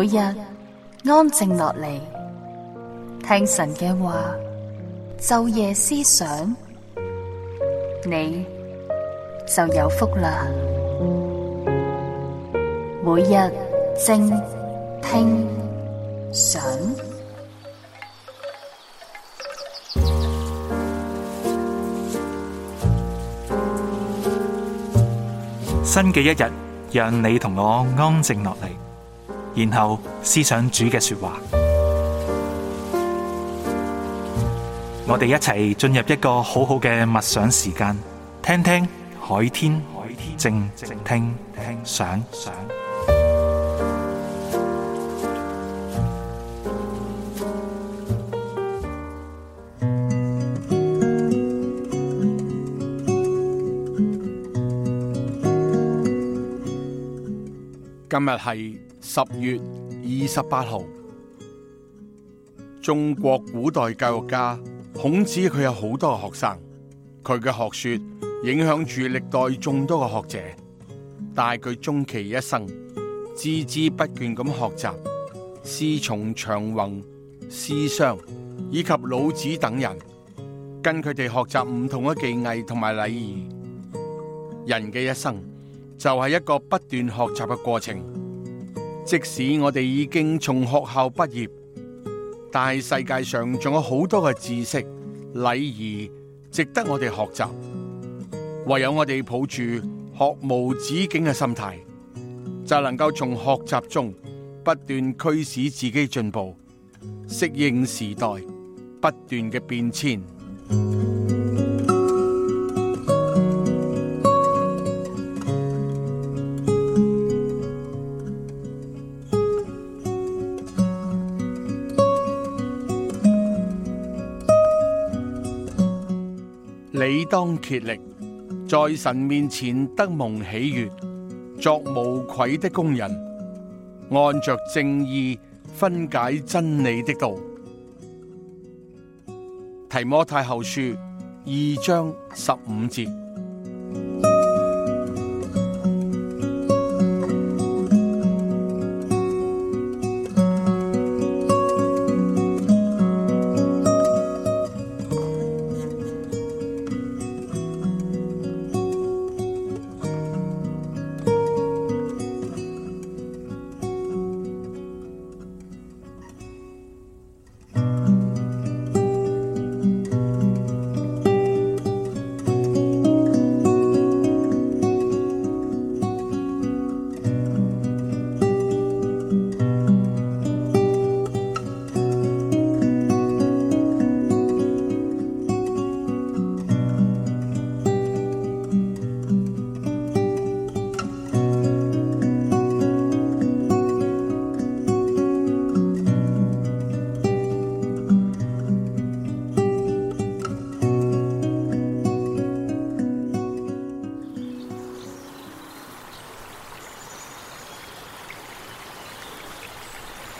每日安靜落嚟，聽神嘅話，晝夜思想，你就有福啦。每日靜聽想，新嘅一日，讓你同我安靜落嚟。然後思想主嘅說話，嗯、我哋一齊進入一個好好嘅默想時間，聽聽海天，靜靜聽聽想想。今日係，十月二十八號，中國古代教育家孔子佢有好多個學生，佢嘅學說影響住歷代眾多嘅學者，但係佢終其一生孜孜不倦咁學習，師從長宏、師襄以及老子等人，跟佢哋學習唔同嘅技藝同埋禮儀。人嘅一生就係一個不斷學習嘅過程。即使我哋已經從學校畢業，但係世界上仲有好多嘅知識、禮儀值得我哋學習。唯有我哋抱住學無止境嘅心態，就能夠從學習中不斷驅使自己進步，適應時代不斷嘅變遷。你當竭力，在神面前得蒙喜悅，作無愧的工人，按着正意分解真理的道。提摩太後書二章十五節。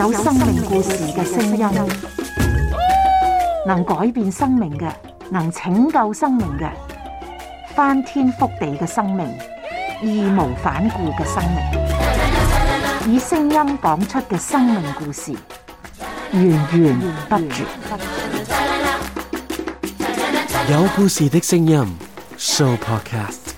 有生命故事嘅聲音，能改變生命嘅，能拯救生命嘅，翻天覆地嘅生命，義無反顧嘅生命，以聲音講出嘅生命故事，源源不絕。有故事嘅聲音，Sooo Podcast。